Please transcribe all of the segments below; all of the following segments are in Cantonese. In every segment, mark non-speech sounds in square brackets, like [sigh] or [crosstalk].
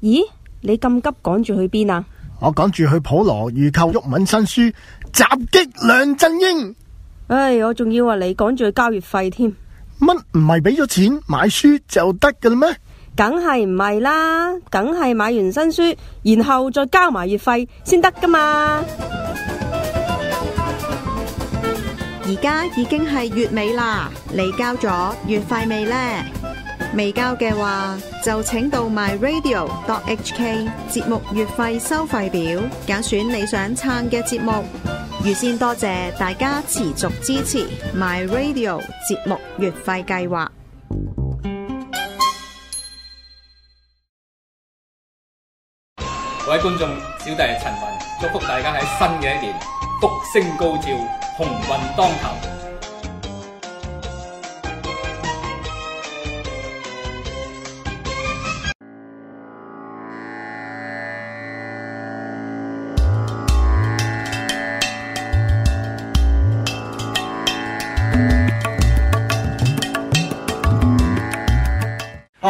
咦，你咁急趕住去邊啊？我趕住去普羅預購郁文新書，襲擊梁振英。唉、哎，我仲以為你趕住去交月費添。乜唔係俾咗錢買書就得噶啦咩？梗係唔係啦，梗係買完新書，然後再交埋月費先得噶嘛。而家已經係月尾啦，你交咗月費未呢？未交嘅話，就請到 myradio.hk 節目月費收費表，揀選你想撐嘅節目。預先多謝大家持續支持 myradio 節目月費計劃。各位觀眾，小弟陳文祝福大家喺新嘅一年，福星高照，鴻運當頭。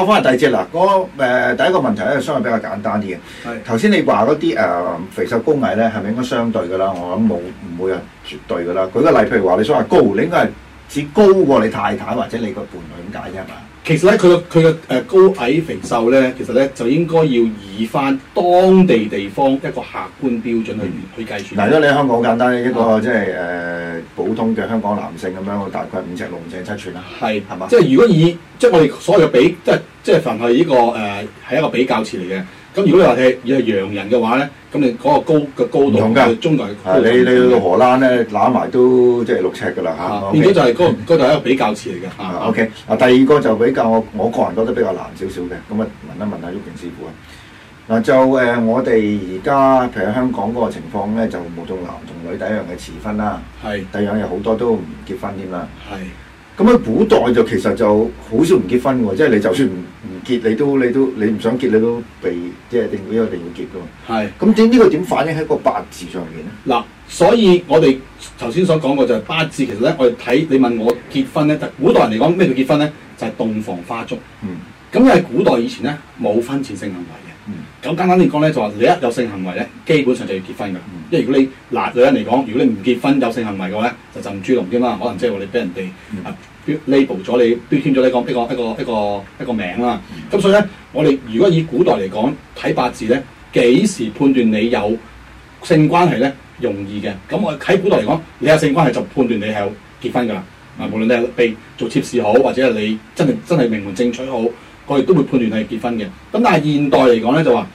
講翻第二隻啦，嗰個，誒，第一個問題咧，相對比較簡單啲嘅。頭先係你話嗰啲誒肥瘦高矮咧，係咪應該相對噶啦？我諗冇唔會係絕對噶啦。舉個例，譬如話你所謂高，你應該係只高過你太太或者你個伴侶咁解啫嘛。其實咧，佢個佢嘅誒高矮肥瘦咧，其實咧就應該要以翻當地地方一個客觀標準去、嗯、去計算。嗱，如果你喺香港好簡單，一個、嗯、即係誒、呃、普通嘅香港男性咁樣，大概五尺六、五尺七寸啦。係是，係嘛吧？即係如果以即係我哋所謂嘅比，即係即係凡係呢個誒係、呃、一個比較詞嚟嘅。咁如果你話係而係洋人嘅話咧，咁你嗰個高嘅高度，唔同㗎。中啊，你你去到荷蘭咧攬埋都即係六尺㗎啦嚇。變咗就係嗰度係一個比較詞嚟㗎。啊，OK。啊，第二個就比較我個人覺得比較難少少嘅，咁啊問一問下毓証師傅啊。嗱就誒、呃，我哋而家譬如香港嗰個情況咧，就冇到男同女第一樣嘅遲婚啦，係是。第二樣又好多都唔結婚添啦。係。咁喺古代就其實就好少唔結婚喎，即係你就算唔唔結，你都你都你唔想結，你都被即係定會一定要結噶嘛。係是。咁即係呢個點反映喺個八字上邊咧？嗱，所以我哋頭先所講過就係八字，其實咧我哋睇你問我結婚咧，古代人嚟講咩叫結婚咧？就係「洞房花燭」。嗯。咁因為古代以前咧冇婚前性行為嘅。嗯。咁簡單嚟講咧，就話你一有性行為咧，基本上就要結婚㗎。嗯。因為如果你嗱女人嚟講，如果你唔結婚有性行為嘅話咧，就浸豬籠添啦，可能即係我哋俾人哋、啊啊 label 咗你標籤咗呢講一個一個一個一個名啦，咁、嗯、所以咧，我哋如果以古代嚟講睇八字咧，幾時判斷你有性關係咧，容易嘅。咁我喺古代嚟講，你有性關係就判斷你係有結婚噶啦。啊，無論你係被做妾侍好，或者係你真係真係名門正娶好，我哋都會判斷你係結婚嘅。咁但係現代嚟講咧，就話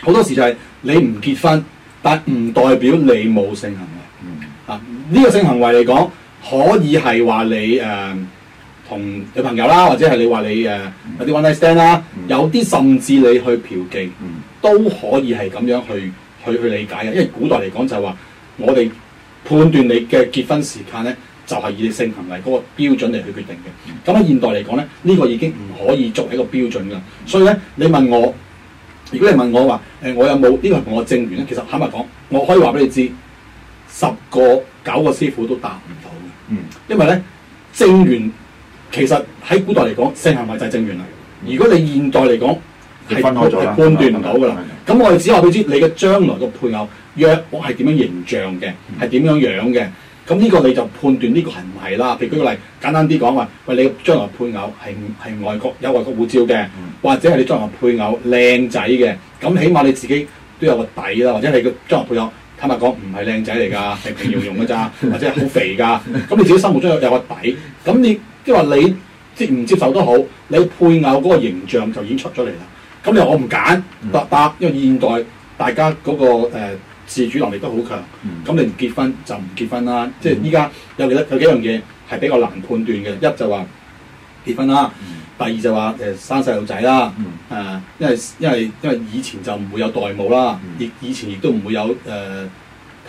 好多時就係你唔結婚，但係唔代表你冇性行為。嗯、啊，呢、這個性行為嚟講。可以係話你誒同、呃、女朋友啦，或者係你話你誒、呃 mm. 有啲 one night stand 啦，有啲甚至你去嫖妓，mm. 都可以係咁樣去去去理解嘅。因為古代嚟講就係話，我哋判斷你嘅結婚時間咧，就係、是、以你性行為嗰個標準嚟去決定嘅。咁喺、mm. 現代嚟講咧，呢、這個已經唔可以作為一個標準啦。Mm. 所以咧，你問我，如果你問我話誒，我有冇呢、這個同我證完咧？其實坦白講，我可以話俾你知，十個九個師傅都答唔到。嗯，因為咧，正緣其實喺古代嚟講，性正行咪就係正緣嚟。如果你現代嚟講，係判斷唔到噶啦。咁、啊、我哋只話俾知你嘅、嗯、將來嘅配偶，若我係點樣形象嘅，係點、嗯、樣樣嘅。咁呢個你就判斷呢、這個係唔係啦。譬如舉個例簡單啲講話，喂，你將、嗯、你將來配偶係係外國有外國護照嘅，或者係你將來配偶靚仔嘅，咁起碼你自己都有個底啦，或者你嘅將來配偶，坦白講唔係靚仔嚟㗎，係 [laughs] 平庸庸㗎咋，或者係好肥㗎。咁你自己心目中有有個底，咁你即係話你接唔接受都好，你配偶嗰個形象就已經出咗嚟啦。咁你話我唔揀，答答，因為現代大家嗰、那個、呃、自主能力都好強，咁你唔結婚就唔結婚啦。即係依家有幾多有幾樣嘢係比較難判斷嘅，一就話。結婚啦，第二就話誒生細路仔啦，誒、嗯、因為因為因為以前就唔會有代母啦，亦、嗯、以前亦都唔會有誒、呃、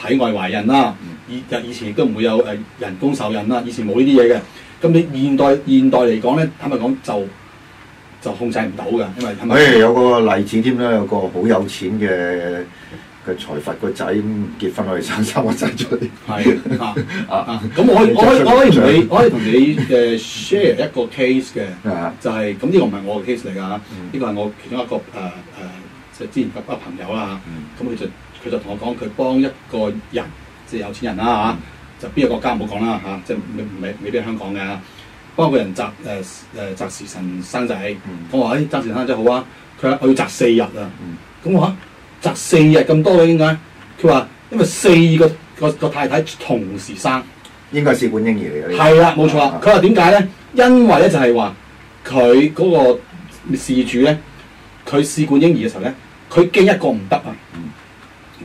體外懷孕啦，以、嗯、以前亦都唔會有誒人工受孕啦，以前冇呢啲嘢嘅，咁你現代現代嚟講咧，坦白講就就控制唔到嘅，因為誒、哎、有個例子添啦，有個好有錢嘅。佢財富個仔，咁結婚可以生三個仔女。係 [laughs] 啊 [laughs] 啊咁我我，嗯、我可以同你 [laughs] 可以同你嘅 share 一個 case 嘅，就係咁呢個唔係我嘅 case 嚟㗎，呢個係我其中一個誒誒即係之前嘅朋友啦。咁、嗯、佢、嗯、就佢就同我講，佢幫一個人即係、就是、有錢人啦，啊，嚇。嗯、就邊個國家唔好講啦嚇，即係唔係未必係香港嘅，幫個人擇誒誒擇時辰生仔。我話誒擇時辰真係好啊，佢話我要擇四日啊，咁、嗯、我。集四日咁多嘅應該，佢話因為四個個個太太同時生，應該係試管嬰兒嚟嘅。係啦，冇錯。佢話點解咧？因為咧就係話佢嗰個事主咧，佢試管嬰兒嘅時候咧，佢驚一個唔得啊。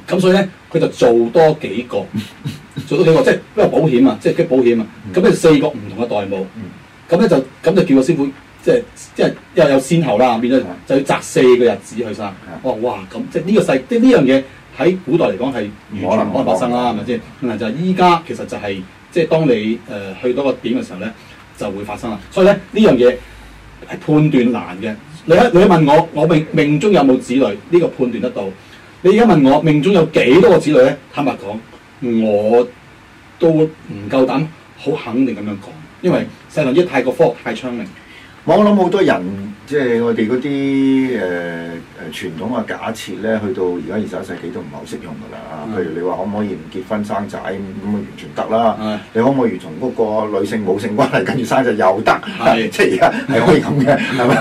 咁、嗯、所以咧，佢就做多幾個， [laughs] 做多幾個，即係因為保險啊，即係佢保險啊。咁咧、嗯、四個唔同嘅代母，咁咧、嗯、就咁就叫個師傅。即係即係又有先後啦，變咗就要擇四個日子去生。哇！哇咁即係呢個世即係呢樣嘢喺古代嚟講係完全冇可能發生啦，係咪先？嗱就係依家其實就係、是、即係當你誒、呃、去到個點嘅時候咧，就會發生啦。所以咧呢樣嘢係判斷難嘅。你一你一問我，我命命中有冇子女呢、呢個判斷得到？你而家問我命中有幾多個子女咧？坦白講，我都唔夠膽好肯定咁樣講，因為世間一太過科學太昌明。我諗好多人即係我哋嗰啲誒誒傳統嘅假設咧，去到而家二十一世紀都唔係好適用㗎啦。譬如你話可唔可以唔結婚生仔咁啊，完全得啦。你可唔可以同嗰個女性母性關係跟住生仔又得？即係而家係可以咁嘅，係嘛？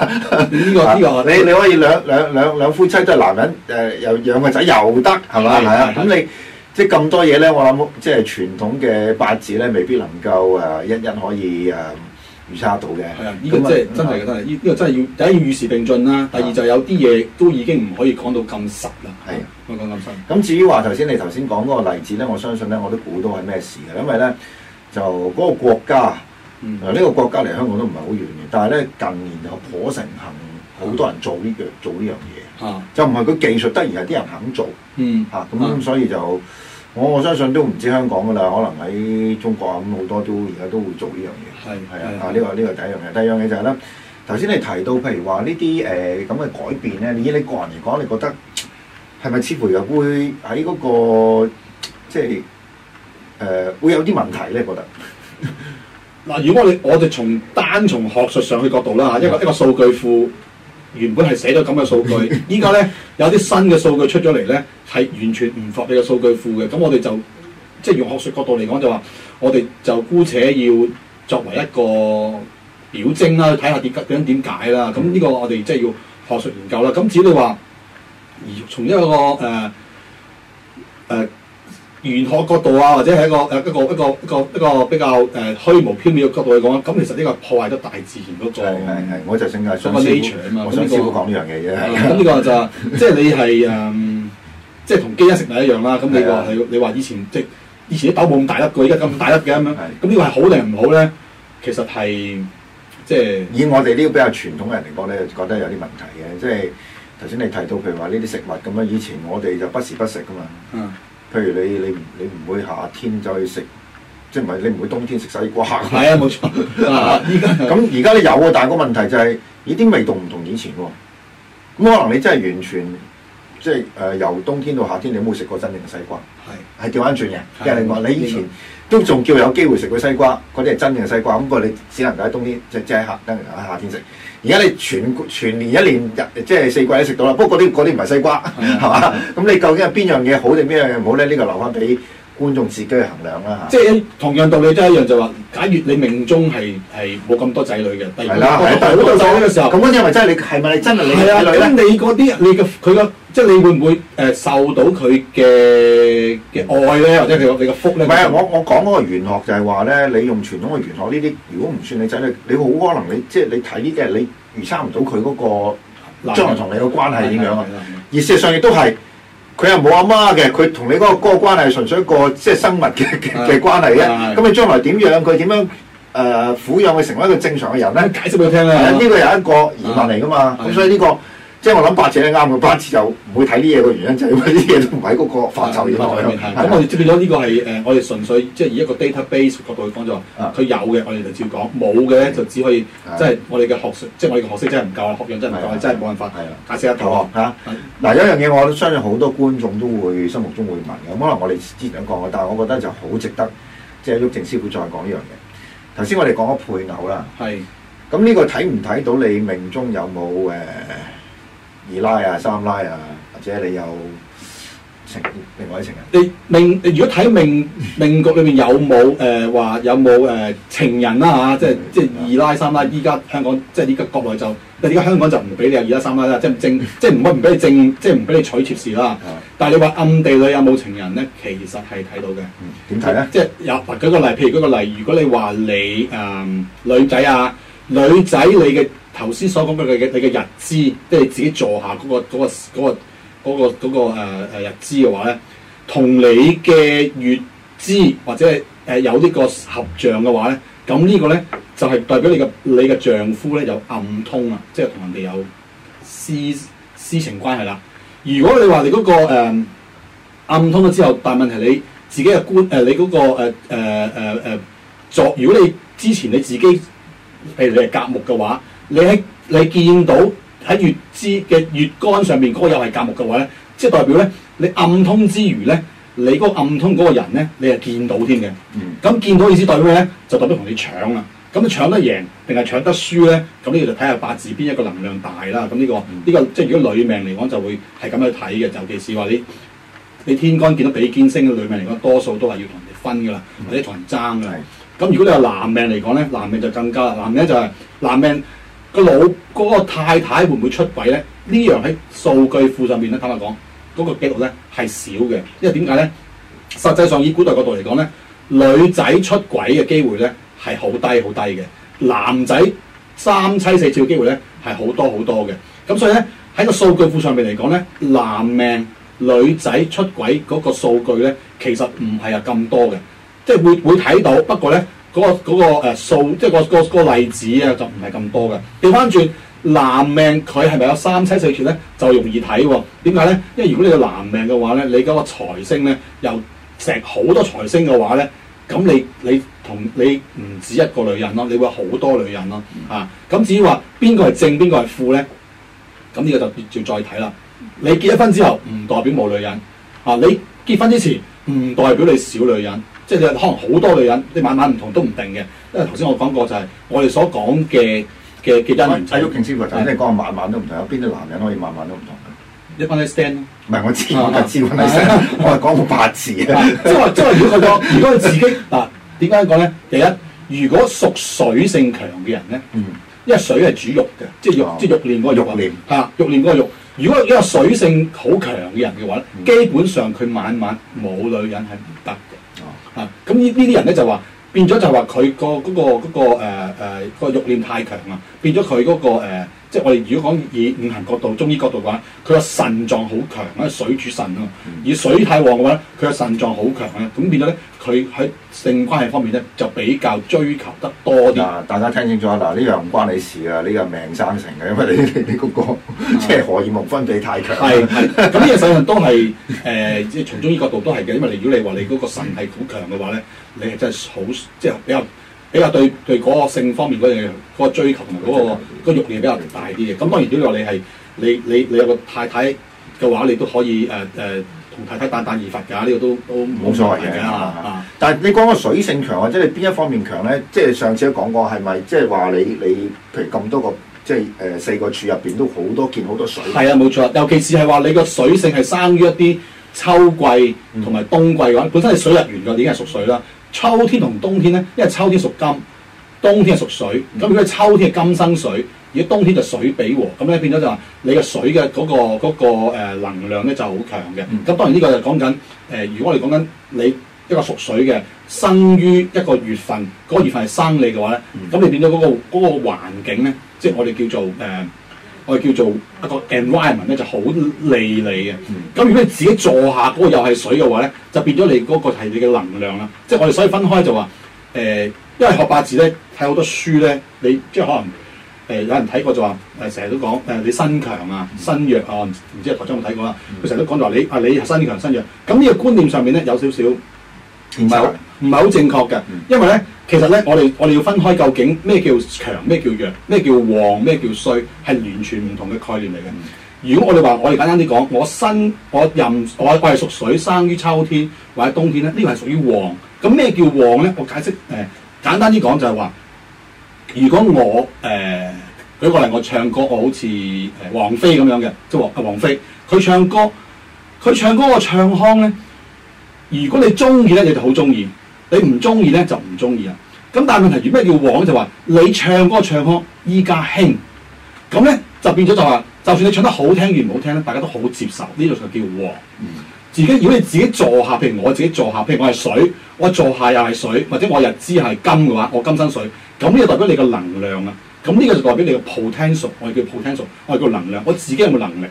呢個呢個你你可以兩兩兩兩夫妻都係男人誒，又養個仔又得，係嘛？係啊。咁你即係咁多嘢咧，我諗即係傳統嘅八字咧，未必能夠誒一一可以誒預測到嘅。係啊，依個真係真係嘅，真係依依個真係要第一要與時並進啦，第二就有啲嘢都已經唔可以講到咁實啦，係講咁實。咁至於話頭先你頭先講嗰個例子咧，我相信咧我都估到係咩事嘅，因為咧就嗰個國家，嗱呢個國家嚟香港都唔係好遠嘅，但係咧近年又頗成行好多人做呢樣做呢樣嘢，啊就唔係佢技術得，而係啲人肯做，嗯嚇咁所以就。我我相信都唔止香港㗎啦，可能喺中國啊咁好多都而家都會做呢樣嘢。係係是啊，啊呢、這個呢、這個第一樣嘢，第一樣嘢就係、是、咧，頭先你提到譬如話呢啲誒咁嘅改變咧，以你，你個人嚟講，你覺得係咪似乎又會喺嗰、那個即係誒會有啲問題咧？覺得嗱，如果你，我哋從單從學術上去角度啦嚇，一個一個數據庫。原本係寫咗咁嘅數據，依家咧有啲新嘅數據出咗嚟咧，係完全唔符合你個數據庫嘅。咁我哋就即係用學術角度嚟講就話，我哋就姑且要作為一個表徵啦，睇下究竟點解啦。咁呢個我哋即係要學術研究啦。咁至於話從一個誒誒，呃呃科學角度啊，或者喺一個誒一個一個一個一個比較誒、呃、虛無縹緲嘅角度嚟講，咁其實呢個破壞咗大自然嗰、那個。係我就性格想。nature 啊嘛我想先講呢樣嘢啫。咁呢個就即係你係誒，即係同基因食埋一樣啦。咁你話你的你話以前即係、就是、以前啲豆冇咁大粒，佢而家咁大粒嘅咁樣。咁的呢個係好定唔好咧？其實係即係以我哋呢個比較傳統嘅人嚟講咧，覺得有啲問題嘅。即係頭先你提到譬如話呢啲食物咁樣，以前我哋就不時不食噶嘛。嗯、啊。啊譬如你你唔你唔會夏天就去食，即係唔係你唔會冬天食西瓜。係啊的，冇錯個。咁而家你有啊，但係個問題就係呢啲味道唔同以前喎。咁可能你真係完全。即係誒由冬天到夏天，你冇食過真正嘅西瓜？係係調翻轉嘅，即係話你以前都仲叫有機會食過西瓜，嗰啲係真正嘅西瓜。咁不過你只能夠喺冬天即係即係喺夏跟喺夏天食。而家你全全年一年即係四季都食到啦。不過嗰啲嗰啲唔係西瓜係嘛？咁你究竟係邊樣嘢好定邊樣嘢唔好咧？呢個留翻俾觀眾自己去衡量啦。即係同樣道理都係一樣，就話假如你命中係係冇咁多仔女嘅，係啦，喺大好到大好嘅時候，咁嗰啲係咪真係你係咪真係你？係啊，咁你嗰啲你嘅佢嘅。即係你會唔會誒受到佢嘅嘅愛咧，或者係你嘅福咧？唔係，我我講嗰個玄學就係話咧，你用傳統嘅玄學呢啲，如果唔算你仔女，你好可能你即係你睇呢啲你預測唔到佢嗰個將來同你嘅關係點樣啊？對而事實上亦都係，佢又冇阿媽嘅，佢同你嗰、嗰個哥、嗰個、關係純粹一個即係生物嘅嘅對關係啫。咁對你將來點養佢？點樣誒、呃、撫養佢成為一個正常嘅人咧？解釋俾佢聽啦。呢、啊、個又係一個疑問嚟噶嘛？咁的所以呢、呢個。即係我諗八字咧，啱嘅八字就唔會睇呢嘢嘅原因就係因為啲嘢都唔喺嗰個範疇入邊。咁我哋變咗呢個係誒，我哋純粹即係以一個 database 角度去講就，佢有嘅我哋就照講，冇嘅就只可以即係我哋嘅學識，即係我哋嘅學識真係唔夠啊，學養真係唔夠，真係冇辦法解釋一套啊。嗱，有一樣嘢，我都相信好多觀眾都會心目中會問嘅，咁可能我哋之前講過，但係我覺得就好值得，即係毓証師傅再講呢樣嘢。頭先我哋講咗配偶啦，咁呢個睇唔睇到你命中有冇誒？二奶啊，三奶啊，或者你有情另外一情人？你命，你如果睇命命局裏面有冇誒話有冇誒、呃呃、情人啦、啊、嚇、 [laughs] 就是，即係即係二奶三奶，依家香港即係依家國內就，但依家香港就唔俾你有二奶三奶、就是就是、啦，即係正即係唔可唔俾你正，即係唔俾你取妾事啦。但係你話暗地裏有冇情人咧，其實係睇到嘅。點睇咧？即係又話舉個例，譬、就是、如舉個例，如果你話你誒、呃、女仔啊。女仔，你嘅頭先所講嘅嘅嘅，你嘅日支，即係自己坐下嗰、那個嗰、那個嗰、那個嗰、那個那個那個呃、日支嘅話咧，同你嘅月支或者係誒、呃、有呢個合象嘅話咧，咁呢個咧就係、是、代表你嘅你嘅丈夫咧有暗通啊，即係同人哋有私私情關係啦。如果你話你嗰、那個、呃、暗通咗之後，但係問題你自己嘅官誒，你嗰、那個誒誒誒作，如果你之前你自己。譬如你係甲木嘅話，你喺你見到喺月支嘅月干上面嗰、嗰個又係甲木嘅話咧，即係代表咧你暗通之餘咧，你嗰個暗通嗰個人咧，你係見到添嘅。咁、嗯、見到意思代表咩咧？就代表同你搶啦。咁你搶得贏定係搶得輸咧？咁呢個就睇下八字邊一個能量大啦。咁呢、呢個呢、嗯呢個即係如果女命嚟講就會係咁樣睇嘅。尤其是話你你天干見到比肩星嘅女命嚟講，多數都係要同人分噶啦，嗯、或者同人爭噶。嗯。咁如果你話男命嚟講咧，男命就更加啦，男命咧就係男命個老，嗰個太太會唔會出軌咧？呢樣喺數據庫上面咧，坦白講嗰個記錄咧係少嘅，因為點解咧？實際上以古代角度嚟講咧，女仔出軌嘅機會咧係好低好低嘅，男仔三妻四妾嘅機會咧係好多好多嘅。咁所以咧喺個數據庫上面嚟講咧，男命女仔出軌嗰個數據咧其實唔係啊咁多嘅。即係會會睇到，不過咧嗰、嗰個嗰、嗰個數、呃，即係個個個，個例子啊，就唔係咁多嘅。調翻轉男命，佢係咪有三妻四妾咧？就容易睇喎、啊。點解咧？因為如果你個男命嘅話咧，你嗰個財星咧又成好多財星嘅話咧，咁你你同你唔止一個女人咯，你會好多女人咯、嗯、啊。咁至於話邊個係正邊個係負咧？咁呢個就要再睇啦。你結咗婚之後唔代表冇女人啊，你結婚之前唔代表你少女人。即係可能好多女人，你晚晚唔同都唔定嘅，因為頭先我講過就係我哋所講嘅嘅嘅姻緣。阿毓証師傅就係講晚晚都唔同，有邊啲男人可以晚晚都唔同嘅？你揾啲 stand 咯。唔係我知，我梗係知啊啊、啊、我係講到八字啊，即係即係如果佢個如果佢自己，點解講咧？第一，如果屬水性強嘅人咧，嗯、因為水係煮肉嘅，即係肉即係、哦、肉連嗰個肉連嚇，啊、肉連嗰個肉。如果一個水性好強嘅人嘅話咧，基本上佢晚晚冇女人係唔得。咁呢啲人咧就話變咗就話佢個嗰個嗰個誒誒個欲念太強啊，變咗佢嗰個誒。呃即係我哋如果講以五行角度、中醫角度嘅話，佢個腎臟好強啊，水主腎啊。以水太旺嘅話，佢嘅腎臟好強啊，咁變咗咧，佢喺性關係方面咧就比較追求得多啲。啊！大家聽清楚啊！嗱，呢樣唔關你事啊，呢個命生成嘅，因為你你你、嗰個即係荷爾蒙分泌太強。係，咁呢樣實在都係誒，即、呃、係從中醫角度都係嘅，因為如果你，你話你嗰個腎係好強嘅話咧，你係真係好即係比較。比較對對嗰個性方面嗰樣嗰個追求同埋嗰個、嗰個慾念比較大啲嘅。咁當然如果、這個、你係你你你有個太太嘅話，你都可以誒誒同太太單單而發㗎，呢、呢個都都冇所謂嘅，但係你講個水性強或者你邊一方面強咧，即係上次都講過是是，係咪即係話你你譬如咁多個即係誒四個柱入邊都好多見好多水？係啊，冇錯，尤其是係話你個水性係生於一啲秋季同埋冬季嘅話、嗯嗯，本身係水入元嘅，已經係屬水啦。秋天同冬天咧，因為秋天屬金，冬天係屬水，咁、嗯、如果秋天係金生水，而果冬天就水比和，咁咧變咗就話你嘅水嘅嗰、嗰個嗰、嗰個、能量咧就好強嘅。咁、嗯、當然呢個就講緊誒，如果我哋講緊你一個屬水嘅生於一個月份，嗰、嗰個月份係生你嘅話咧，咁你、嗯、變咗嗰、嗰個嗰環、嗰個、境咧，即係我哋叫做誒。呃我哋叫做一個 environment 咧，就好利利嘅。咁、嗯、如果你自己坐下嗰、那個又係水嘅話咧，就變咗你嗰、那個係你嘅能量啦。即係我哋所以分開就話誒、呃，因為學八字咧睇好多書咧，你即係可能誒、呃、有人睇過就話誒成日都講誒你身強啊身弱啊，唔知阿台長有冇睇過啦？佢成日都講就話你啊你身強身弱，咁呢個觀念上面咧有少少唔係唔係好正確嘅，嗯、因為咧。其實咧，我哋我哋要分開，究竟咩叫強，咩叫弱，咩叫旺，咩叫衰，係完全唔同嘅概念嚟嘅。如果我哋話，我哋簡單啲講，我生我任我我係屬水，生於秋天或者冬天咧，這個、屬於呢個係屬於旺。咁咩叫旺咧？我解釋誒、呃、簡單啲講，就係話，如果我誒、呃、舉個例，我唱歌，我好似誒王菲咁樣嘅，即係王王菲，佢唱歌，佢唱歌個唱腔咧，如果你中意咧，你就好中意。你唔中意咧就唔中意啦。咁但係問題，如果咩叫旺就話你唱歌唱腔依家興，咁咧就變咗就話、是，就算你唱得好聽與唔好聽咧，大家都好接受呢個就叫旺。嗯，自己如果你自己坐下，譬如我自己坐下，譬如我係水，我坐下又係水，或者我日支係金嘅話，我金生水，咁呢個代表你個能量啊。咁呢個就代表你個 potential，我哋叫 potential，我哋叫能量。我自己有冇能力？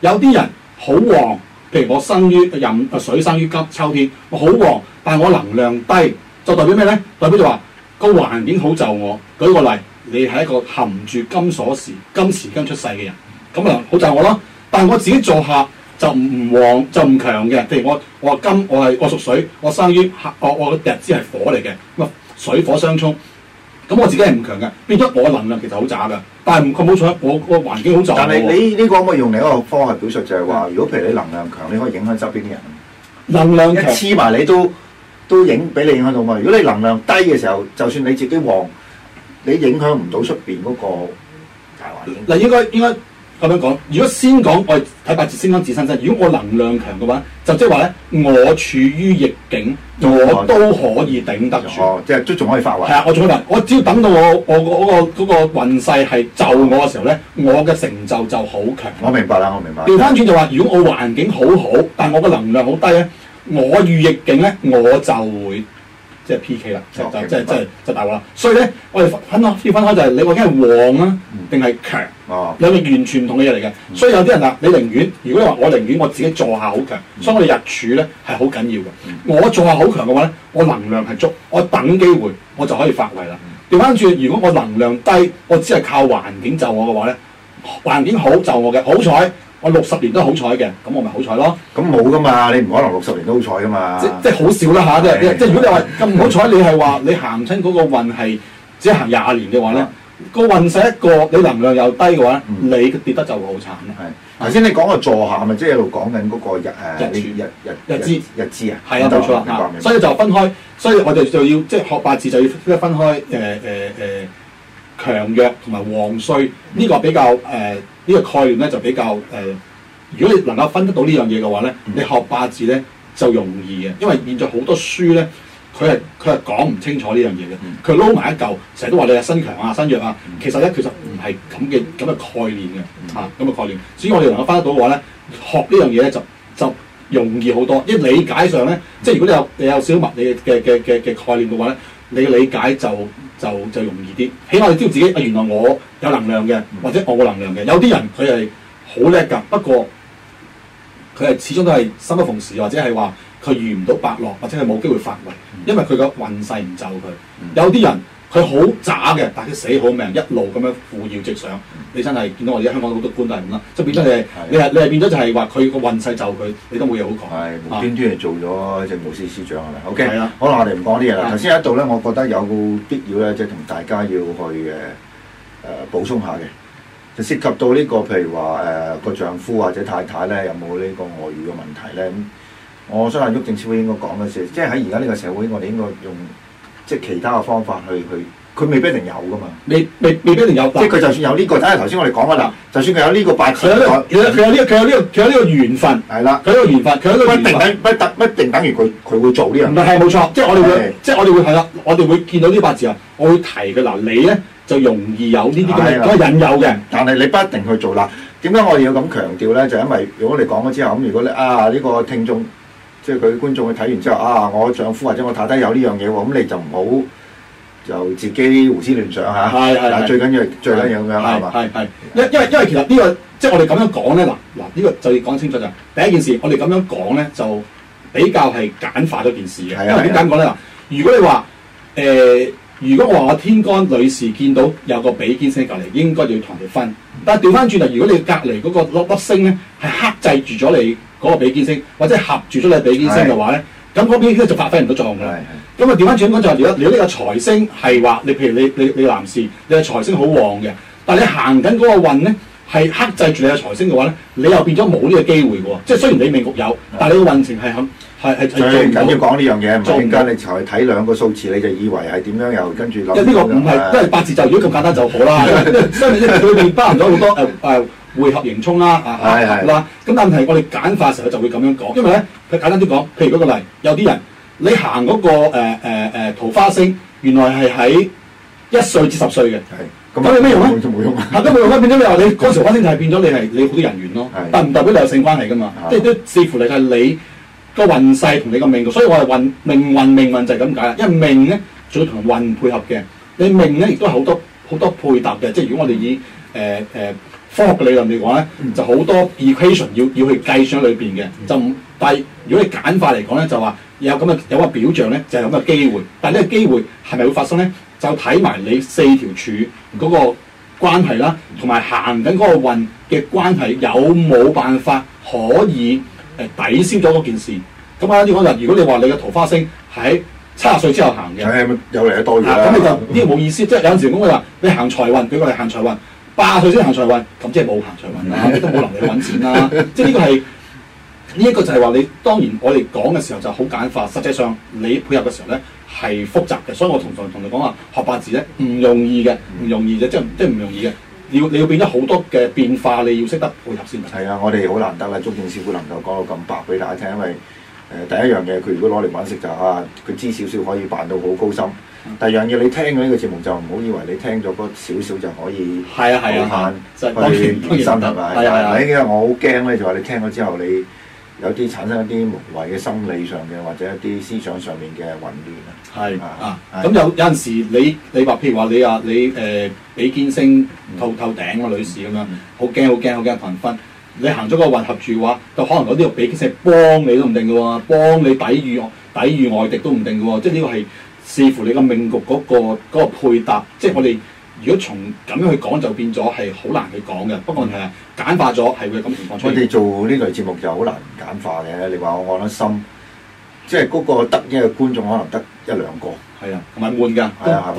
有啲人好旺。譬如我生於寅，水生於金，秋天我好旺，但係我能量低，就代表咩咧？代表就話個環境好就我。舉個例，你係一個含住金鎖匙、金匙羹出世嘅人，咁啊好就我咯。但係我自己做客就唔旺，就唔強嘅。譬如我，我係金，我係我屬水，我生於，客，我我嘅日支係火嚟嘅，咁啊水火相沖。咁我自己係唔強嘅，變咗我能量其實好渣噶，但係唔佢冇錯，我個環境好渣。但係你呢個可以用另一個方法表述就係話，如果譬如你能量強，你可以影響周邊啲人。能量一黐埋你都都影俾你影響到嘛？如果你能量低嘅時候，就算你自己旺，你影響唔到出邊嗰個大環境。嗱，應該應該。咁樣講，如果先講我睇八字，先講自身身。如果我能量強嘅話，就即係話咧，我處於逆境，我都可以頂得住。即係都仲可以發圍。係啊，我仲可以，我只要等到我我嗰、嗰個嗰個運勢係就我嘅時候咧，嗯、我嘅成就就好強我。我明白啦，我明白。調翻轉就話，如果我環境好好，但我嘅能量好低咧，我遇逆境咧，我就會。即係 P K 啦，就就即係即係就大鑊啦。所以咧，我哋分咯，要分開就係、是，你話梗係旺啊，定係強？哦、啊，有啲完全唔同嘅嘢嚟嘅。嗯、所以有啲人啊，你寧願如果話我寧願我自己坐下好強，所以我哋日柱咧係好緊要嘅。嗯、我坐下好強嘅話咧，我能量係足，我等機會我就可以發圍啦。掉返轉，如果我能量低，我只係靠環境就我嘅話咧，環境好就我嘅，好彩。我六十年都好彩嘅，咁我咪好彩咯。咁冇噶嘛，你唔可能六十年都好彩噶嘛。即即好少啦吓。即即如果你話咁好彩，你係話你行親嗰個運係只行廿年嘅話咧，個運勢一過，你能量又低嘅話，你跌得就會好慘。係頭先你講個坐下，係咪即係一路講緊嗰個日誒日柱日日日支日支啊？係啊，冇錯啊。所以就分開，所以我哋就要即係學八字就要即係分開誒誒誒強弱同埋旺衰呢個比較誒。呢個概念咧就比較誒、呃，如果你能夠分得到呢樣嘢嘅話咧，嗯、你學八字咧就容易嘅，因為現在好多書咧，佢係佢係講唔清楚呢樣嘢嘅，佢撈埋一嚿，成日都話你係身強啊身弱啊，其實咧其實唔係咁嘅咁嘅概念嘅，嚇咁嘅概念，所以我哋能夠分得到嘅話咧，學呢樣嘢咧就就容易好多，因為理解上咧，即係如果你有你有少物理嘅嘅嘅嘅概念嘅話咧。你嘅理解就就就容易啲，起碼你知道自己啊，原來我有能量嘅，或者我嘅能量嘅。有啲人佢係好叻㗎，不過佢係始終都係生不逢時，或者係話佢遇唔到伯樂，或者係冇機會發圍，因為佢個運勢唔就佢。有啲人。佢好渣嘅，但佢死好命，一路咁樣扶搖直上。嗯、你真係見到我哋香港好多官都係咁啦，即係變咗你係你係你係變咗就係話佢個運勢就佢，你都冇嘢好講。係無端端嚟做咗政務司司長，係咪？OK 好啦，我哋唔講呢嘢啦。頭先喺度咧，我覺得有個必要咧，即係同大家要去誒誒、呃、補充下嘅，就涉及到呢、呢個譬如話誒個丈夫或者太太咧有冇呢個外遇嘅問題咧咁。我相信鬱政司會應該講嘅事，即係喺而家呢個社會，我哋應該用，用。就是即係其他嘅方法去去，佢未必一定有噶嘛。你未未未必一定有。即係佢就算有呢、這個，睇下頭先我哋講噶啦。就算佢有呢個八字，佢有呢、這、佢、個、有呢、這、佢、個、有呢佢有呢個緣分。係啦的，佢呢個緣分，佢一定，不一定，不一定等於佢佢會做呢、這、樣、個。唔係，係冇錯。的即係我哋會，的會，即係我哋會係啦。我哋會見到呢八字啊，我會提嘅嗱。你咧就容易有呢啲咁嘅引誘嘅。但係你不一定去做啦。點解我哋要咁強調咧？就因為如果你講咗之後，咁如果你啊呢、這個聽眾。即係佢啲觀眾去睇完之後啊，我丈夫或者我太太有呢樣嘢喎，咁你就唔好就自己胡思亂想嚇。係係，最緊要係最緊要咁樣啦，係嘛？係係。因因為因為其實呢個即係我哋咁樣講咧嗱，嗱呢個就要講清楚，就第一件事，我哋咁樣講咧就比較係簡化咗件事嘅。係啊。因為點解講咧嗱？如果你話誒，如果我話我天干女士見到有個比肩星隔離，應該要同佢分。但係調翻轉嚟，如果你隔離嗰個粒粒星咧，係克制住咗你。嗰個比肩星，或者合住咗你嘅比肩星嘅話咧，咁嗰邊咧就發揮唔到作用嘅。咁啊調翻轉講就係、是，如果你呢個財星係話，你譬如你你你，你男士，你嘅財星好旺嘅，但係你行緊嗰個運咧係克制住你嘅財星嘅話咧，你又變咗冇呢個機會喎。即係雖然你命局有，是但係你嘅運程係咁係係。以最緊要講呢樣嘢，唔係間你才睇兩個數字你就以為係點樣又跟住落。呢個唔係，因為八字就如果咁簡單就好啦。所以呢裏面包含咗好多誒誒。呃呃呃會合刑沖啦，啊，配合啦，咁、啊啊、但係我哋簡化時候就會咁樣講，因為咧，佢簡單啲講，譬如嗰個例，有啲人你行嗰、那個誒誒、呃呃、桃花星，原來係喺一歲至十歲嘅，咁有咩用咧？嚇都冇用啦，變咗咩啊？你嗰時桃花星係變咗你係你好多人緣咯、啊，是但唔代表你係性關係噶嘛，即係都視乎係你個運勢同你個命，所以我係運命運命運就係咁解啦，因為命咧仲要同運配合嘅，你命咧亦都係好多好多配搭嘅，即係如果我哋以誒誒。科學嘅理論嚟講咧，就好多 equation 要要去計算喺裏邊嘅，就但係如果你簡化嚟講咧，就話有咁嘅有個表象咧，就係咁嘅機會。但係呢個機會係咪會發生咧？就睇埋你四條柱嗰個關係啦，同埋行緊嗰個運嘅關係有冇辦法可以誒抵消咗嗰件事？咁啊呢個就如果你話你嘅桃花星喺七十歲之後行嘅，有嚟、嗯、得多咗咁、啊啊、你就呢個冇意思，即係有陣時咁你話你行財運，舉個例行財運？八歲先行財運，咁即係冇行財運，啦，亦都冇能力揾錢啦。 [laughs] 即係呢個係呢一個就係話你當然我哋講嘅時候就好簡化，實際上你配合嘅時候咧係複雜嘅。所以我同、嗯、同你講話學八字咧唔容易嘅，唔容易嘅，即係即係唔容易嘅。你要你要變咗好多嘅變化，你要識得配合先。係、嗯、啊，我哋好難得啦，毓証師傅能夠講到咁白俾大家聽，因為，誒第一樣嘢，佢如果攞嚟搵食就啊，佢知少少可以扮到好高深。第二樣嘢，你聽咗呢個節目就唔好以為你聽咗嗰少少就可以改翻去翻身係咪？係啊，因為我好驚咧，就話你聽咗之後，你有啲產生一啲無謂嘅心理上嘅或者一啲思想上面嘅混亂啊。係咁，有有陣時你你話譬如話你啊你誒俾堅升套透頂個女士咁樣，好驚好驚好驚貧婚。你行咗個混合柱嘅話，就可能嗰啲又俾即係幫你都唔定嘅喎，幫你抵禦抵禦外敵都唔定嘅喎，即係呢個係視乎你嘅命局嗰個嗰個配搭，即係我哋如果從咁樣去講，就變咗係好難去講嘅。不過係簡化咗，係會咁情況出現。我哋做呢類節目就好難簡化嘅。你話我按得心，即係嗰個得嘅觀眾可能得一兩個。係啊，同埋悶㗎，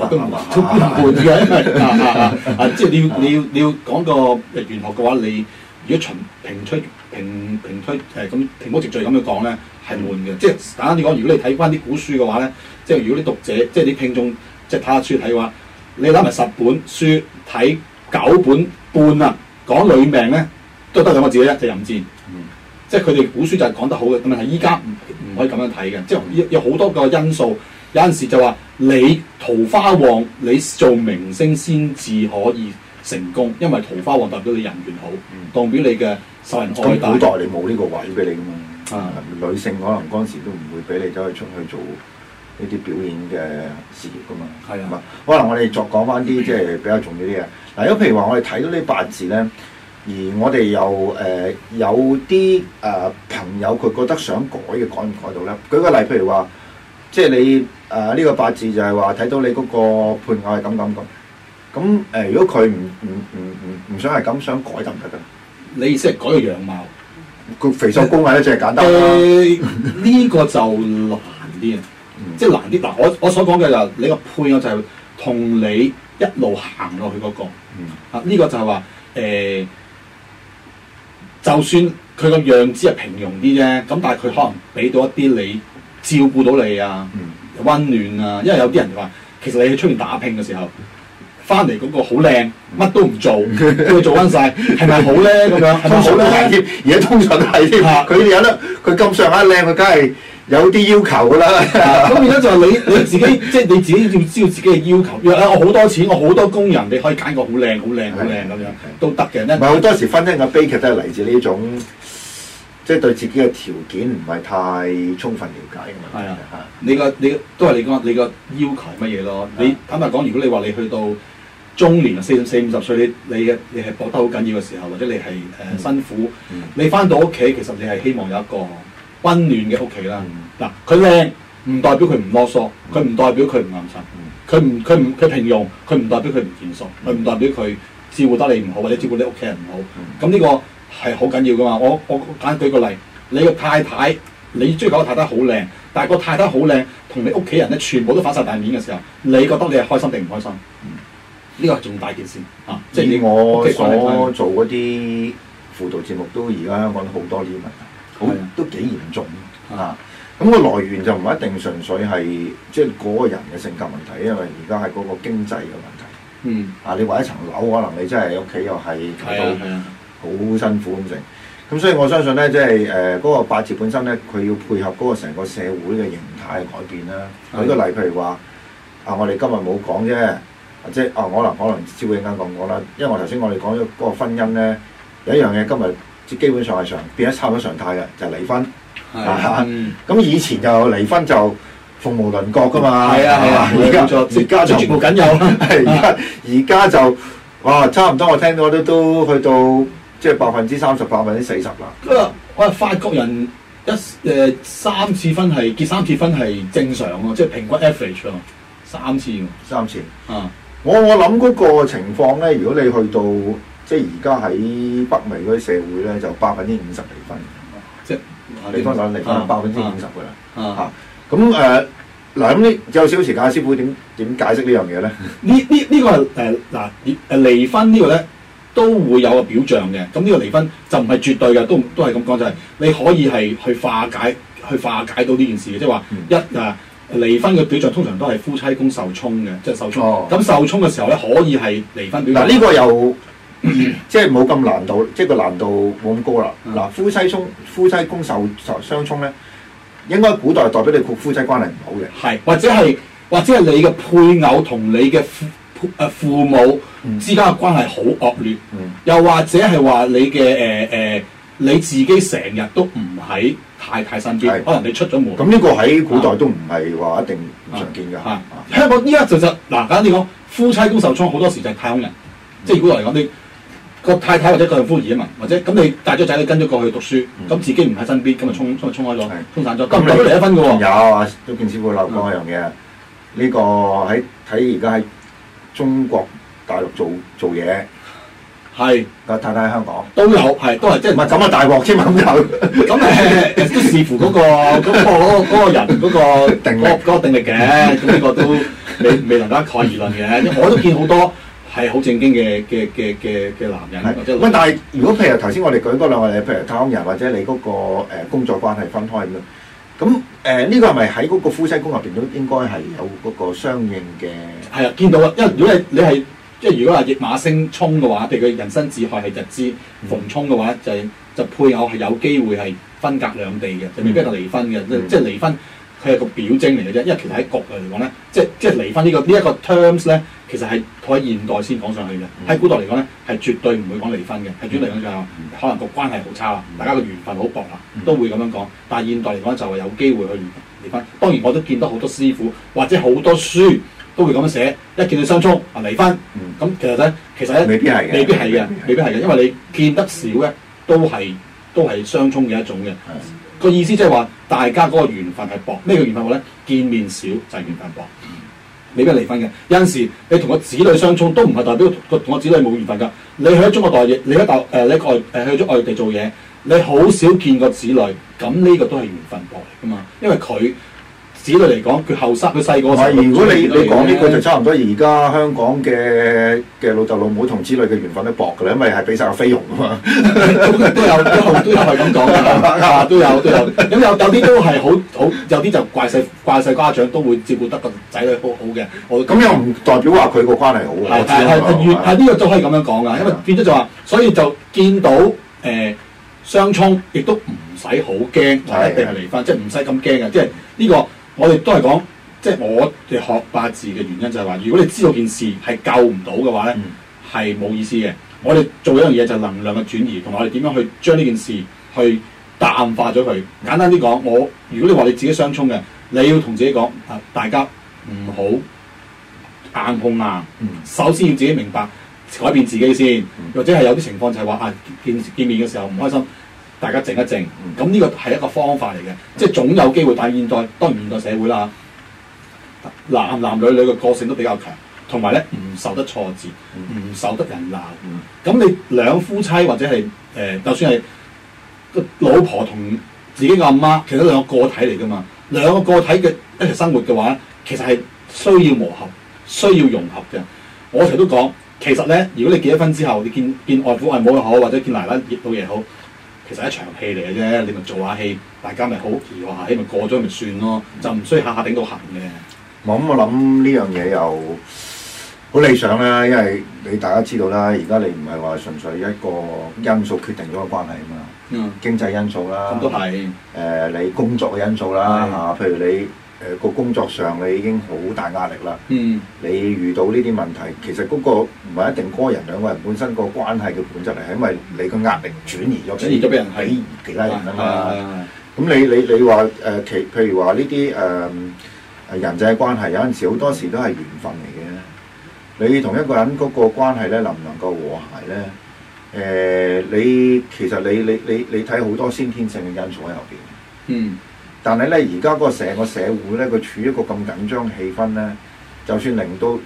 都都唔悶嘅，即係你要你要你要講個玄學嘅話你。如果循平推平平推誒咁平鋪、呃、直敍咁樣講咧，係悶嘅，嗯、即係簡單啲講，如果你睇翻啲古書嘅話咧，即係如果啲讀者即係啲聽眾即係睇下書睇嘅話，你攞埋十本書睇九本半啊，講女命咧都得兩個字啫，就淫賤。嗯，即係佢哋古書就係講得好嘅，但係依家唔唔可以咁樣睇嘅，嗯、即係有有好多個因素，有陣時就話你桃花旺，你做明星先至可以成功，因為桃花旺代表你人緣好，代表、嗯、你嘅受人愛戴。古代你冇呢個位俾你噶嘛？啊的，女性可能嗰陣時都唔會俾你走去出去做呢啲表演嘅事業噶嘛。係啊嘛，的可能我哋作講翻啲即係比較重要啲嘅嗱，如果譬如話我哋睇到呢八字咧，而我哋又誒有啲誒、呃呃、朋友佢覺得想改嘅改唔改到咧？舉個例，譬如話，即係你誒呢、呃這個八字就係話睇到你嗰個判案係咁咁咁。咁誒、嗯，如果佢唔唔唔唔唔想係咁，想改就唔得噶？你意思係改個樣貌？佢 [noise] 肥瘦高矮都只係簡單呢、呃、 [laughs] 個就難啲、嗯嗯、啊，即係難啲嗱。我我所講嘅就你個配偶就係同你一路行落去嗰、嗰個。嗯、啊，呢、呢個就係話誒，就算佢個樣子係平庸啲啫，咁但係佢可能俾到一啲你照顧到你啊，溫、嗯、暖啊。因為有啲人就話，其實你去出面打拼嘅時候。翻嚟嗰個好靚，乜都唔做，都做翻晒，係咪好咧？咁樣係咪好咧？而家通常都係佢哋有得佢咁上下靚，佢梗係有啲要求噶啦。咁而家就係你你自己，即係你自己要知道自己嘅要求。如果我好多錢，我好多工人，你可以揀個好靚、好靚、好靚咁樣都得嘅。唔係好多時婚姻嘅悲劇都係嚟自呢種，即係對自己嘅條件唔係太充分了解嘅問題。係啊，你個你都係你個你個要求乜嘢咯？你坦白講，如果你話你去到。中年啊，四四五十歲，你你嘅你係搏得好緊要嘅時候，或者你係誒、呃、辛苦，嗯嗯、你翻到屋企，其實你係希望有一個溫暖嘅屋企啦。嗱、嗯，佢靚唔代表佢唔囉嗦，佢唔代表佢唔嚴謹，佢唔佢唔佢平庸，佢唔代表佢唔賢淑，佢唔、嗯、代表佢照顧得你唔好，或者照顧你屋企人唔好。咁呢、嗯、個係好緊要噶嘛？我我簡單舉個例，你個太太，你追求個太太好靚，但係個太太好靚，同你屋企人咧全部都反晒大面嘅時候，你覺得你係開心定唔開心？嗯。呢個係重大件事，即係我所做嗰啲輔導節目都而家香港好多呢啲問題，好都幾嚴重啊！咁個來源就唔一定純粹係即係嗰個人嘅性格問題，因為而家係嗰個經濟嘅問題。嗯啊，你話一層樓，可能你真係屋企又係係到好辛苦咁成。咁所以我相信咧，即係誒嗰個八字本身咧，佢要配合嗰個成個社會嘅形態改變啦。舉個例，譬如話啊，我哋今日冇講啫。即係哦，可能可能陣間講講啦，因為我頭先我哋講咗嗰個婚姻咧，有一樣嘢今日即基本上係常變咗差唔多常態嘅，就係、是、離婚。嚇、啊！咁、啊、以前就離婚就鳳毛麟角噶嘛，而家而家全部梗有。而家而家就哇，差唔多我聽到都都去到即係百分之三十八、百分之四十啦。咁啊，我話、嗯嗯、法國人一誒三次婚係結三次婚係正常喎，即、就、係、是、平均 average 啊，三次，嗯、三次啊。嗯我我諗嗰個情況咧，如果你去到即係而家喺北美嗰啲社會咧，就百分之五十離婚，即係你方想離婚，百分之五十嘅啦嚇。咁誒嗱咁，嗯呃、有少少時間，師傅點點解釋呢樣嘢咧？這個呃、呢呢呢個誒嗱誒離婚呢個咧都會有個表象嘅。咁呢個離婚就唔係絕對嘅，都都係咁講，就係、是、你可以係去化解去化解到呢件事嘅，即係話、嗯、一啊。呃離婚嘅表象通常都係夫妻宮受沖嘅，即係受沖。咁受沖嘅時候咧，可以係離婚表。嗱，呢個又 [coughs] 即係冇咁難度， [coughs] 即係個難度冇咁高啦。嗱、嗯，夫妻沖、夫妻宮受相沖咧，應該古代代表你夫夫妻關係唔好嘅。係，或者係，或者係你嘅配偶同你嘅父誒父母之間嘅關係好惡劣。嗯嗯、又或者係話你嘅誒誒，你自己成日都唔喺太太身邊，是可能你出咗門。咁呢、嗯、個喺古代都唔係話一定唔常見㗎。香港依家就就嗱簡單啲講，夫妻都受衝好多時就係太空人。嗯、即係古代嚟講你個太太或者個夫兒啊嘛，或者咁你帶咗仔都跟咗過去讀書，咁、嗯、自己唔喺身邊，咁咪衝咁咪衝開咗，衝散咗。咁是離離一分㗎喎。有、嗯、啊，鍾健師傅講一樣嘢，呢是、嗯這個喺睇而家喺中國大陸做做嘢。係啊，太太喺香港都有，係都係即係唔係咁啊大鑊添嘛。咁誒，都視乎嗰個嗰個嗰個人嗰個定嗰個定力嘅，咁呢個都未未能夠一概而論嘅。因為我都見好多係好正經嘅嘅嘅嘅嘅男人。喂，但係如果譬如頭先我哋舉嗰兩個例子，譬如太空人或者你嗰個誒工作關係分開咁樣，咁誒呢個係咪喺嗰個夫妻公約入邊應該係有嗰個相應嘅？係啊，見到啊，因為如果你你係。即係如果話驛馬星衝嘅話，譬如佢人生自害係日支逢衝嘅話、就係，就就配偶係有機會係分隔兩地嘅，就未必、嗯、一個離婚嘅，即係即離婚，佢係個表徵嚟嘅啫。因為其實喺古代嚟講咧，即係即係離婚、這個這個、呢個呢一個 terms 咧，其實係喺現代先講上去嘅。喺古代嚟講咧，係絕對唔會講離婚嘅，係主要嚟講就可能個關係好差，大家個緣分好薄啦，都會咁樣講。但係現代嚟講就話有機會去離婚。當然我都見到好多師傅或者好多書。都會咁樣寫，一見到相衝啊，離婚。咁、嗯、其實咧，其實咧，未必係嘅，未必係嘅，未必係嘅，因為你見得少咧，都係都係相衝嘅一種嘅。個的意思即係話，大家嗰個緣分係薄。咩叫緣分薄咧？見面少就係、是、緣分薄，嗯、未必係離婚嘅。有陣時你同個子女相衝都唔係代表同個子女冇緣分㗎。你去咗中國待業，你喺外誒，你外誒去咗外地做嘢，你好少見個子女，咁呢個都係緣分薄嚟㗎嘛。因為佢。子女嚟講，佢後生，佢細個如果你你講呢句，就差唔多。而家香港嘅嘅老豆老母同子女嘅緣分都薄㗎啦，因為係俾晒個菲傭啊嘛， [laughs] 都有都有都有係咁講嘅，都有， [laughs] 有都有。咁有 [laughs] 有啲都係好好，有啲就怪獸怪獸家長都會照顧得個仔女好好嘅。咁又唔代表話佢、個關係好啊。係係呢個都可以咁樣講㗎，因為變咗就話、呃就是，所以就見到誒相沖，亦都唔使好驚話一定係離婚，即係唔使咁驚嘅，即係呢個。我哋都係講，即係我哋學八字嘅原因就係話，如果你知道件事係救唔到嘅話咧，嗯、係冇意思嘅。我哋做一樣嘢就係能量嘅轉移，同埋我哋點樣去將呢件事去淡化咗佢。簡單啲講，我如果你話你自己相沖嘅，你要同自己講啊，大家唔好硬碰硬。嗯、首先要自己明白改變自己先，或者係有啲情況就係話啊見見面嘅時候唔開心。大家靜一靜，咁呢個係一個方法嚟嘅，即係總有機會。但係現代當然現代社會啦，男男女女嘅個性都比較強，同埋咧唔受得挫折，唔受得人鬧。咁、嗯嗯、你兩夫妻或者係誒、呃，就算係個老婆同自己個阿媽，其實兩個個體嚟噶嘛，兩個個體嘅一齊生活嘅話，其實係需要磨合、需要融合嘅。我成日都講，其實咧，如果你結咗婚之後，你見見外父外母又好，或者見奶奶熱到嘢好。好其實一場戲嚟嘅啫，你咪做下戲，大家咪好而話，戲咪好、啊、過咗咪算咯，嗯、就唔需要下下頂到行嘅。嗯、我咁我諗呢樣嘢又好理想啦，因為你大家知道啦，而家你唔係話純粹一個因素決定咗個關係啊嘛，經濟因素啦，咁都係誒你工作嘅因素啦吓，譬、嗯、如你。誒個工作上你已經好大壓力啦，嗯，你遇到呢啲問題，其實嗰個唔係一定個人兩個人本身個關係嘅本質嚟，係因為你個壓力轉移咗，轉移咗俾其他人啊嘛，咁你你你話誒、呃、其譬如話呢啲誒人際關係，有陣時好多時都係緣分嚟嘅，你同一個人嗰個關係咧能唔能夠和諧咧？誒、呃，你其實你你你你睇好多先天性嘅因素喺入邊。嗯。但係咧，而家嗰個成個社會咧，佢處一個咁緊張嘅氣氛咧，就算令到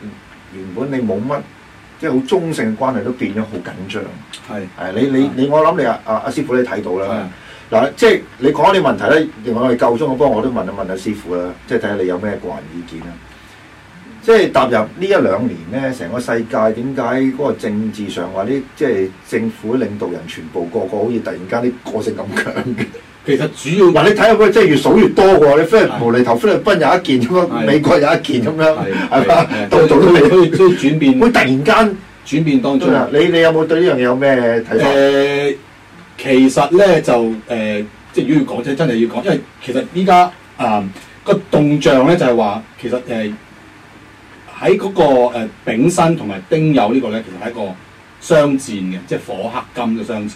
原本你冇乜即係好中性嘅關係，都變咗好緊張。係係是是，你你是你，我諗你阿阿阿師傅你睇到啦。嗱的、啊，即係你講啲問題咧，另外我哋夠鐘，我幫我都問一問阿師傅啦，即係睇下你有咩個人意見啦。即係踏入呢一兩年咧，成個世界點解嗰個政治上話啲即係政府領導人全部個個好似突然間啲個性咁強嘅？ [laughs] 其實主要，嗱你睇下佢，即係越數越多喎。的你菲律賓無厘頭，菲律賓有一件咁樣，的美國有一件咁樣，係嘛，度度都未都開始轉變。會突然間轉變當中，你你有冇對呢樣嘢有咩睇法？誒、呃，其實咧就誒、呃，即係如果要講即真，真係要講，因為其實依家啊個動向咧就係、是、話，其實誒喺嗰個、呃、丙申同埋丁酉呢、這個咧，係一個。相戰嘅，即係火克金嘅相戰。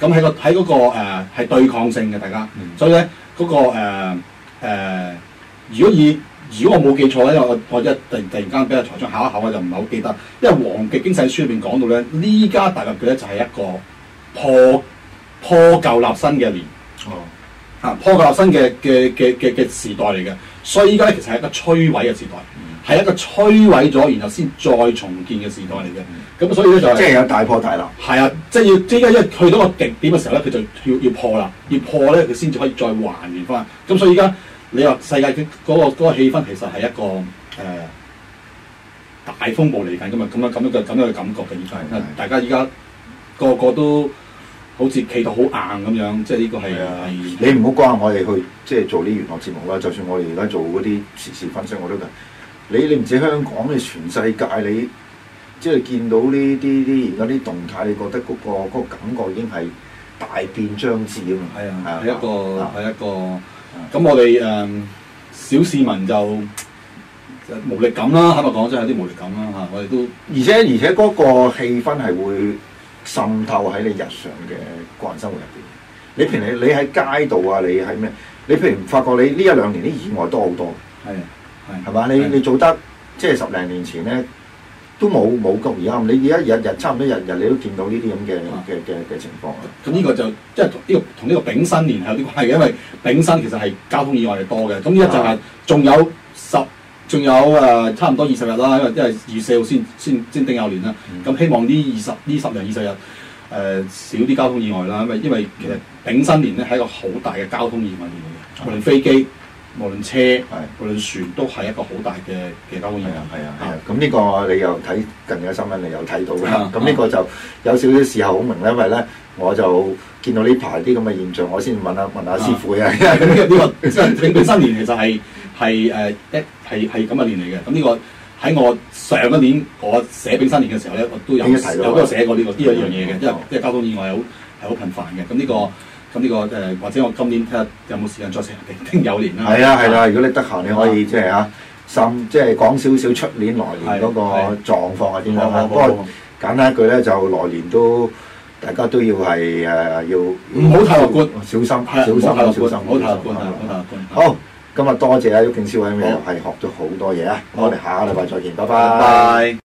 咁喺、嗯、個喺嗰、那個誒係、呃、對抗性嘅，大家。嗯、所以咧嗰、那個誒、呃、如果以如果我冇記錯咧，因為我我一突然突然間俾阿財長考，考一考，我就唔係好記得。因為皇極經世書裏邊講到咧，呢家大環境咧就係一個破破舊立新嘅年。哦，啊破舊立新嘅嘅嘅嘅嘅時代嚟嘅，所以依家咧其實係一個摧毀嘅時代。嗯係一個摧毀咗，然後先再重建嘅時代嚟嘅。咁所以咧就是、即係有大破大立。係啊，就是、即係要即係一去到一個極點嘅時候咧，佢就要要破啦。要破咧，佢先至可以再還原翻。咁所以而家你話世界嗰、那個嗰、那個、氣氛其實係一個誒、呃、大風暴嚟緊。咁啊咁樣咁樣嘅咁樣嘅感覺嘅，而家的的大家而家個個都好似企到好硬咁樣。即係呢個係你唔好怪我哋去即係做啲娛樂節目啦。就算我哋而家做嗰啲時事分析，我都～你你唔知香港，你全世界你即係見到呢啲啲而家啲動態，你覺得嗰、嗰個嗰個感覺已經係大變將至啊！係啊，係一個係一個咁，啊、我哋誒、um，小市民就，就無力感啦，係咪講真係有啲無力感啦？嚇、 [laughs] 啊，我哋都而且而且嗰個氣氛係會滲透喺你日常嘅個人生活入邊。你譬如你你喺街道啊，你喺咩？你譬如發覺你呢一兩年啲意外多好多。係、啊。係嘛？你的你做得即係十零年前咧，都冇冇咁而家。你而家日日差唔多日日，你都見到呢啲咁嘅嘅嘅嘅情況。咁呢個就即係呢個同呢個丙申年係有啲關係，因為丙申其實係交通意外係多嘅。咁而家就係仲有十仲有誒、呃、差唔多二十日啦，因為因為二月四號先先先定有年啦。咁希望呢二十呢十零二十日誒、呃、少啲交通意外啦，因為因為其實丙申年咧係一個好大嘅交通意外年嚟嘅，連飛機。無論車係，無論船都係一個好大嘅交通事故嚟啊！係啊，咁呢個你又睇近嘅新聞，你又睇到嘅。咁呢個就有少少時候好明，因為咧，我就見到呢排啲咁嘅現象，我先問下問下師傅嘅。呢個丙丙新年其實係係誒一係係咁嘅年嚟嘅。咁呢個喺我上一年我寫丙新年嘅時候咧，我都有有都寫過呢個呢一樣嘢嘅，因為即係交通意外係好係好頻繁嘅。咁呢個。咁呢個誒，或者我今年睇下有冇時間再請你聽有年啦。係啊係啦，如果你得閒，你可以即係啊，甚即係講少少出年來年嗰個狀況啊點樣。不過簡單一句咧，就來年都大家都要係誒要唔好太樂觀，小心小心小心。唔好太樂觀，好。今日多謝啊，毓証師傅，係學咗好多嘢啊！我哋下個禮拜再見，拜拜。